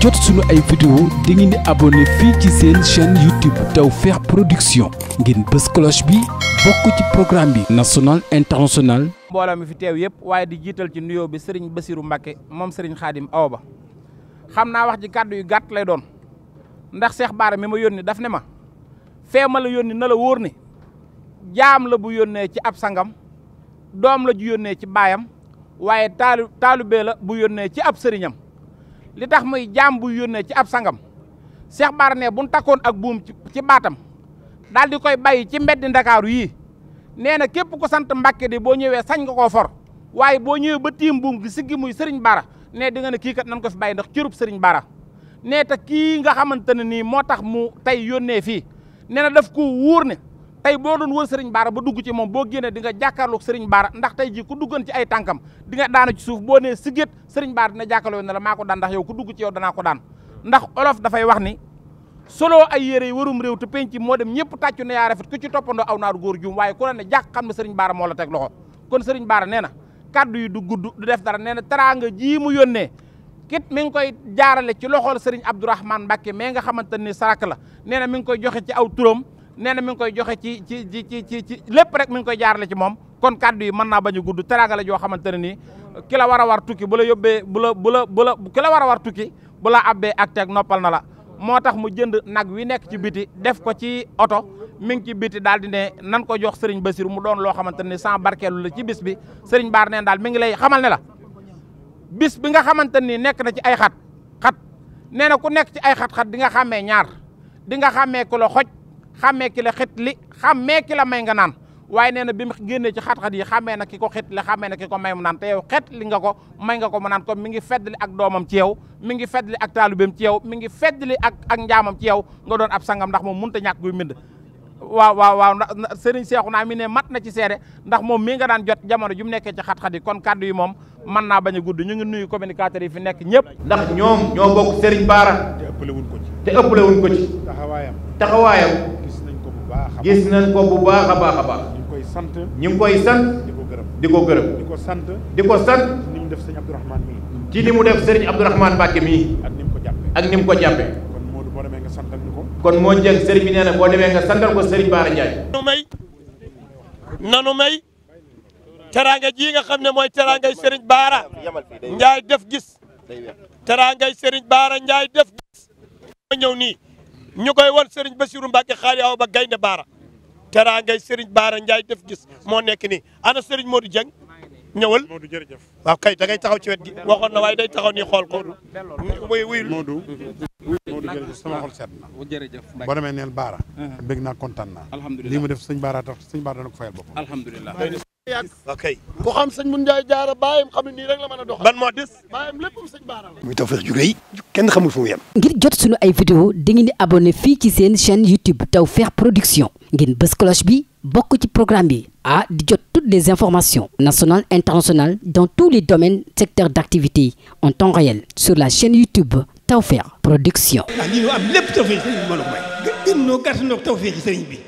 jot suñu ay vidéo da ngeen di abonné fii ci seen chaîne YouTube Tawfekh Production ngeen bës cloche bi bokk ci programme bi national international mbooloo mi fi teew yëpp waaye di jiital ci nuyoo bi sëriñ Basiru Mbàkke moom sëriñ Xaadim Awa Ba xam naa wax ji kàddu yu gàtt lay doon ndax Cheikh Bara mi ma yónni daf ne ma fee ma la yónni na la wóor ne jaam la bu yónnee ci ab sangam doom la ju yónnee ci baayam waaye taalu taalubee la bu yónnee ci ab sëriñam li tax muy jaam bu yónnee ci ab sangam Cheikh Bara ne bu ñu takkoon ak buum ci baatam daal di koy bàyyi ci mbeddi ndakaaru yii nee na képp ko sant Mbàkke di boo ñëwee sañ nga koo for waaye boo ñëwee ba tiim buum gi siggi muy Serigne Bara nee di nga ne kii kat nan ko fi bàyyi ndax cërub Serigne Bara nee tak kii nga xamante ne nii moo tax mu tey yónnee fii nee na daf ko wóor ne tey boo doon wër sëriñ baara ba dugg ci moom boo génnee dinga nga jàkkaarloog sëriñ baara ndax tey ji ku duggan ci ay tànkam di nga daanu ci suuf boo nee sigéet sëriñ baara dina jàkkaarloo ne la maa ko daan ndax yow dugg ci yow danaa ko daan ndax olof dafay wax ni solo ay yére yi warum réew te penc moo dem ñëpp tàccu ne yaa rafet ku ci toppandoo aw naaru góor juum waaye ku la ne jàkk xam ne sëriñ baara moo la teg loxo kon sëriñ baara neena na kaddu yi du guddu du def dara nee na nga ji mu yónnee kit mi ngi koy jaarale ci loxol sëriñ Abdourahmane Mbacke mais nga xamante ni sarak la nee na mi ngi koy joxe ci aw turam nee na mi ngi koy joxe ci ci ci ci ci lépp rek mi ngi koy jaarale ci moom kon kàddu yi mën naa bañ a gudd teraanga la joo xamante ne nii ki la war a war tukki bu la yóbbee bu la bu la bu la ki la war a tukki bu la abbee ak teg noppal na la moo tax mu jënd nag wi nekk ci biti def ko ci oto mi ngi ci biti daal di ne nan ko jox Serigne Bassirou mu doon loo xamante ne sans barkeelu la ci bis bi Serigne Baar neen daal mi ngi lay xamal ne la bis bi nga xamante ni nekk na ci ay xat xat nee na ku nekk ci ay xat-xat nga xàmmee ñaar di nga xàmmee ku la xoj xàmmee ki la xet li xàmmee ki la may nga naan waaye nee na bi mu génnee ci xat-xat yi xàmmee na ki ko xet li xàmmee na ki ko may mu naan te yow xet nga ko may nga ko mu naan kon mi ngi feddli ak doomam ci yow mi ngi feddli ak taalubeem ci yow mi ngi feddli ak ak njaamam ci yow nga doon ab sangam ndax moom mun ta ñàkk guy mbind waaw waaw waaw sëriñ seexu naa mi ne mat na ci seede ndax moom mi nga naan jot jamono ju mu nekkee ci xat-xat yi kon kàddu yi moom mën naa baña gudd ñu ngi nuyu communicateurs yi fi nekk ñëpp ndax ñoom ñoo bokk sëriñ baara te ëppalewuñ ko ci te ëppalewuñ ko gis nañ ko bu baax a koy sant. ñu ngi koy sant. di ko gërëm di ko sant. di ko sant. ci li def sëriñ Abdourahmane mii. li mu def sëriñ Abdourahmane Mbacke mii. ak ni ko jàppee ak ni mu ko jàppee. kon moo boo kon moo njëkk sëriñ bi nee na boo demee nga santal ko sëriñ Baara Ndiaye. nanu may nanu teraanga ji nga xam ne mooy teraangay sëriñ Baara Ndiaye def gis teraangay sëriñ Baara Ndiaye def gis ma ñëw nii ñu koy seriñ ba Bassirou Mbacke xaali aw ba gaynde baara teraa ngay Serigne Baara Ndiaye def gis moo nekk nii ana Serigne Modou Dieng ñëwal Modou jërëjëf waaw kay da ngay taxaw ci wet gi waxoon na waaye day taxaw nii xool ko wuy wuy Modou Modou jërëjëf sama xol seet na boo demee neel Baara uh-huh. bég naa kontaan naa alhamdulilah lii mu def sëñ Baara tax sëñ Baara dana ko fayal boppam yàgg kay ku xam sëñ mun Njaay jaara baayam xam nii rek la mën a doxal baayam léppam sëñ baara la muy Tawfekh kenn xamul fu mu ngir jot suñu ay vidéo di ngeen di fii ci seen chaîne YouTube Tawfekh Production ngeen bës cloche bi bokk ci programme bi a di jot toutes des informations national internationales dans tous les domaines secteurs d'activité en temps réel sur la chaîne YouTube Tawfekh Production. Ah, a may. gën noo